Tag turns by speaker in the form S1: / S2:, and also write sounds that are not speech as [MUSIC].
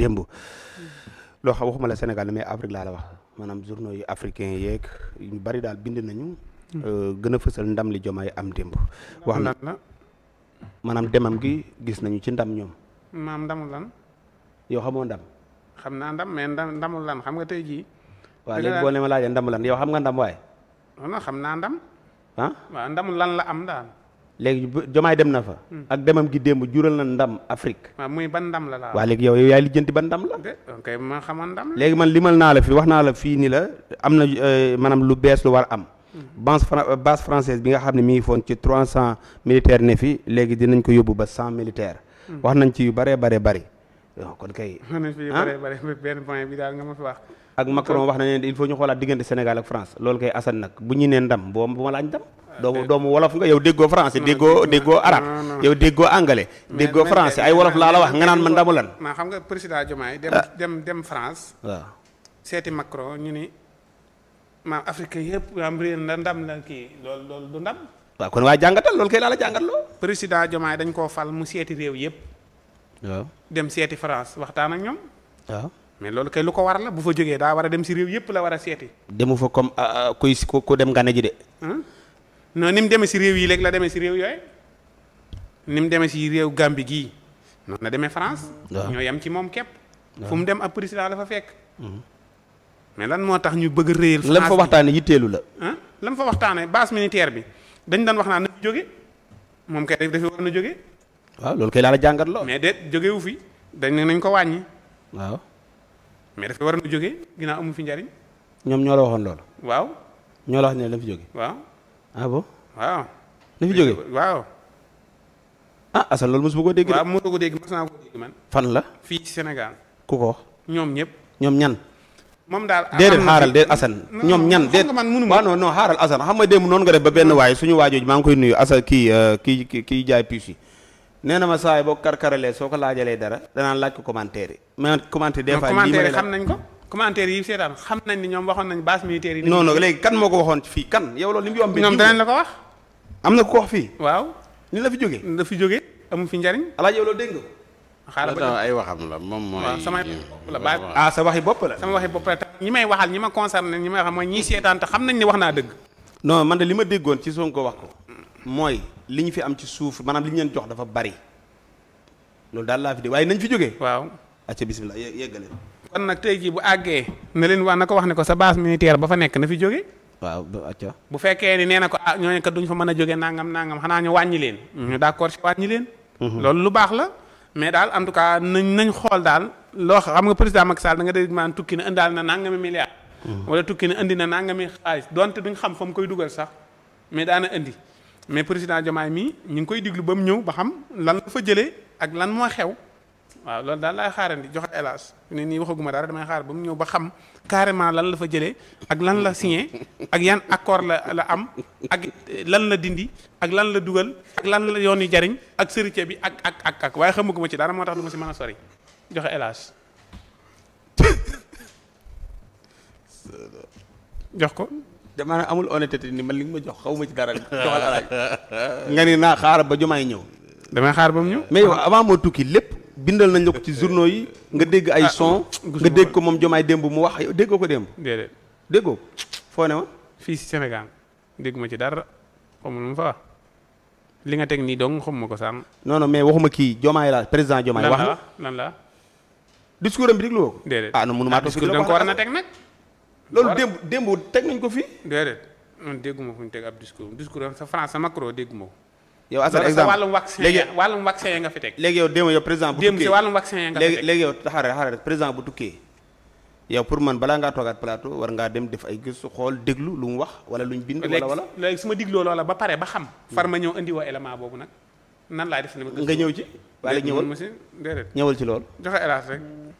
S1: démb loo xam waxuma la Sénégal mais Afrique laa la wax maanaam journaux yu africain yeeg ñu bari daal bind nañu. Hmm. Euh, gën a fësal ndam li Diomaye am démb. wax na maanaam demam gi gis nañu ci ndam ñoom.
S2: maam ndamul lan. yow xamoo ndam. xam naa ndam mais ndam ndamul lan xam nga tey jii.
S1: waaw léegi boo ne ma lan yow xam nga ndam waaye.
S2: non xam lan la am daal.
S1: léegi jomaay dem na fa. Hmm. ak demam gi démb jural na ndam Afrique.
S2: waaw muy ban ndam la waaw
S1: léegi yow yaay lijjanti ba ndam la.
S2: ma xamoon ndam la. léegi man
S1: limal naa la fi wax naa la fii nii la am na euh, maanaam lu bees lu war am. Hmm. base fran euh, base française bi nga xam ne mi ngi foon ci trois cent militaires ne fi léegi dinañ ko yóbbu ba cent militaire hmm. wax nañ ci yu bëree bare bëri. kon kay.
S2: [LAUGHS] ah benn point bi daal nga ma fi wax. ak Macron wax na
S1: ne il faut ñu xoolaat bu ñu nee ndam boo bu ma laaj doomu doomu wolof nga yow déggoo français déggoo déggoo arabe yow déggoo anglais déggoo ay wolof laa la wax nga naan man ndamu lan
S2: maa xam nga président Diomaye dem ah. dem dem France waaw seeti Macron ñu ni maam Afrique yëpp am réer la ndam la kii loolu loolu ndam
S1: waaw kon waa jàngatal
S2: loolu kay laa la jàngatloo président Diomaye dañ koo fal mu seeti réew yëpp waaw dem seeti France waxtaan ak ñoom waaw mais loolu kay lu ko war la bu fa jógee daa war a dem si réew yëpp la war a seeti
S1: demu fa comme ah, ah, kuy ku dem gane ji de
S2: non ni mu demee si réew yi léegi la demee si réew yooyu ni mu demee si réew Gambie gii noonu la demee France. ñoo yem ci moom képp. fu mu dem ab président la fa fekk. Mhm. mais lan moo tax ñu bëgg a réyal. France lan fa
S1: waxtaanee yitteelu la.
S2: lan fa waxtaanee base militaire bi dañ daan wax naa na jóge moom kay dafa war na jóge. waaw loolu kay laa la jàngat loo. mais déet jóge fi dañ ne nañ ko wàññi. waaw. mais dafa war na jóge dinaa amu fi njariñ.
S1: ñoom ñoo la waxoon loolu. waaw. ñoo la wax ne dafa jóge. waaw. ah bon waaw. ni fi jógee waaw. ah Assane loolu mosuma ko dégg. waaw mosuma
S2: ko dégg mos man. fan la. fii ci Sénégal. ku ko. ñoom ñëpp. ñoom ñan. moom daal ah, déedéet xaaral déedéet Assane. ñoom ñan déet waaw
S1: non non xam nga démb noonu nga def ba benn waaye suñu waajooj maa ngi koy nuyu Assane kii euh, kii kii jaay puus yi. nee na ma saa yi boo karkaralee soo ko laajalee dara danaa laaj ko commentaire yi. mais commentaire des fois lii ma commentaire xam
S2: nañ ko. commentaire yi seetaan xam nañ ni ñoom waxoon nañ base militaire yi. non non léegi kan
S1: moo ko waxoon fii kan yow loolu li mu yombee. ñoom ko wax. am na ku fii. waaw
S2: ni la fi jógee. la fi jógee fi njariñ. alaaj yow loolu dégg nga ko. xaaral la moom mooy. waaw la baax ah sa waxi bopp la. sama bopp la ñi may waxal ñi ma concerné ñi may wax mooy ñii seetaan te xam nañ ni wax dëgg.
S1: non man de li ma déggoon ci Sonko wax ko mooy li ñu fi am ci suuf maanaam li ñu leen jox dafa bari loolu daal laa fi dégg waaye nañ fi jóge waaw acca bismillah yeggale
S2: kon nag tey jii bu àggee na leen wax na wax ne ko sa base militaire ba fa nekk na fi jóge waaw bu fekkee ni nee na ko ah ñooñu kat duñ fa mën a jóge nangam nangam xanaa ñu wàññi leen mhm. ñu d'accord ci wàññi leen mhm. loolu lu baax la mais daal en tout cas nañ nañ xool daal loo xam nga président Macky Sall da nga dégg maanaam tukki na indaal na nangami milliard mhm. wala tukki na indi na nangami xaalis donte duñ xam fa koy dugal sax mais daana indi mais président Diomaye mii ñu ngi koy diglu ba mu ñëw ba xam lan la fa jëlee ak lan moo xew waaw loolu daal laay xaarandi jox El Hadj ne nii waxaguma dara damay xaar ba mu ñëw ba xam carrément lan la fa jëlee ak lan la signé ak yan accord la la am ak lan la dindi ak lan la dugal ak lan la yoon yu jariñ ak sërite bi ak ak ak ak waaye xamaguma ci dara moo tax du ma si mën a sori joxe El [LAUGHS] jox
S1: ko. damaa amul honnêteté ni man li nga ma jox xaw ma ci dara joxal nga ni naa xaar ba jumaay ñëw. damay xaar ba mu ñëw. mais yow avant moo tukki lépp. bindal nañ la ko ci journaux yi nga dégg ay ah, son ah, nga dégg ko moom jomaay démb mu wax déggoo ko démb déedéet ko
S2: foo ne woon fii si Sénégal dégg ma ci dara xamul lu mu fa li nga teg nii dong xam ma ko sànn
S1: noonu mais waxuma kii jomaay la président jomaay wax na lan la discours am bi déglu woo ko
S2: déedéet ah non mënu maa ah, toog danga war na teg nag loolu démb démb teg nañ ko fii déedéet man dégguma fu ñu teg ab discours discours am sa France sa macro dégguma ko yow asal exemple wàllum vaccin léegi wàllum vaccin nga fi teg.
S1: léegi yow démb yow président bu. tukkee démb si wàllum vaccin nga fi teg léegi pour man balaa ngaa toogaat plateau war ngaa dem def ay gëstu xool déglu lu mu wax wala luñ bind. wala wala
S2: léegi su ma digloo loola ba pare ba xam. Hmm. far ma ñëw indi woo élément boobu nag nan laay def. nga ñëw ci. wala ñëwal déedéet ñëwal ci loolu. joxe hélas rek.